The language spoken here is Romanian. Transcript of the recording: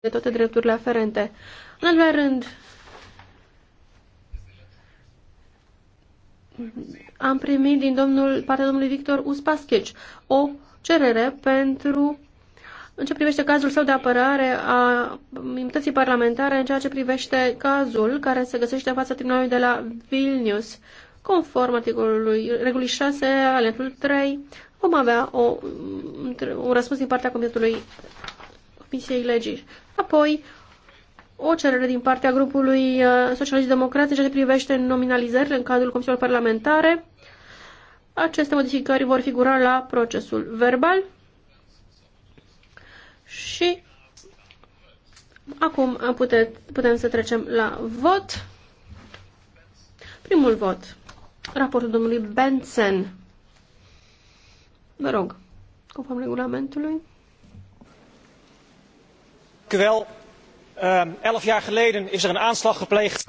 de toate drepturile aferente. În al doilea rând, am primit din domnul, partea domnului Victor Uspaschic o cerere pentru în ce privește cazul său de apărare a imunității parlamentare în ceea ce privește cazul care se găsește în fața tribunalului de la Vilnius. Conform articolului regulii 6, alentul 3, vom avea o, un răspuns din partea Comitetului Comisiei Legii. Apoi, o cerere din partea grupului uh, Socialist Democrat în ceea ce privește nominalizările în cadrul comisiilor parlamentare. Aceste modificări vor figura la procesul verbal. Și acum pute, putem să trecem la vot. Primul vot. Raportul domnului Benson. Vă rog, conform regulamentului. Ehm, elf jaar geleden is er een aanslag gepleegd.